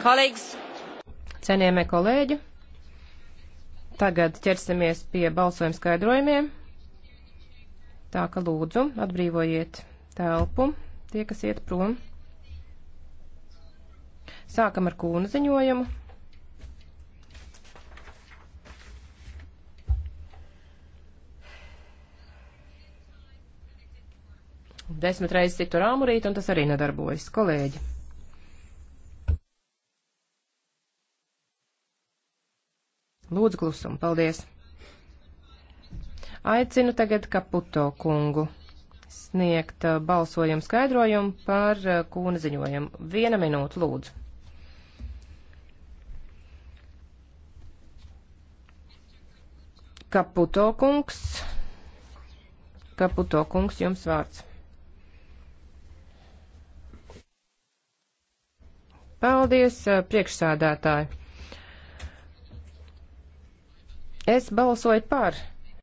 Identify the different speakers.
Speaker 1: Kolēģis.
Speaker 2: Cienījamie kolēģi, tagad ķersimies pie balsojuma skaidrojumiem. Tā ka lūdzu atbrīvojiet telpu tie, kas iet prom. Sākam ar kūnu ziņojumu. Desmit reizes citu rāmurīt, un tas arī nedarbojas. Kolēģi! Lūdzu klusumu. Paldies. Aicinu tagad Kaputo kungu sniegt uh, balsojumu skaidrojumu par uh, kūna ziņojumu. Viena minūte, lūdzu. Kaputo kungs. Kaputo kungs, jums vārds. Paldies, uh, priekšsādātāji. Es balsoju par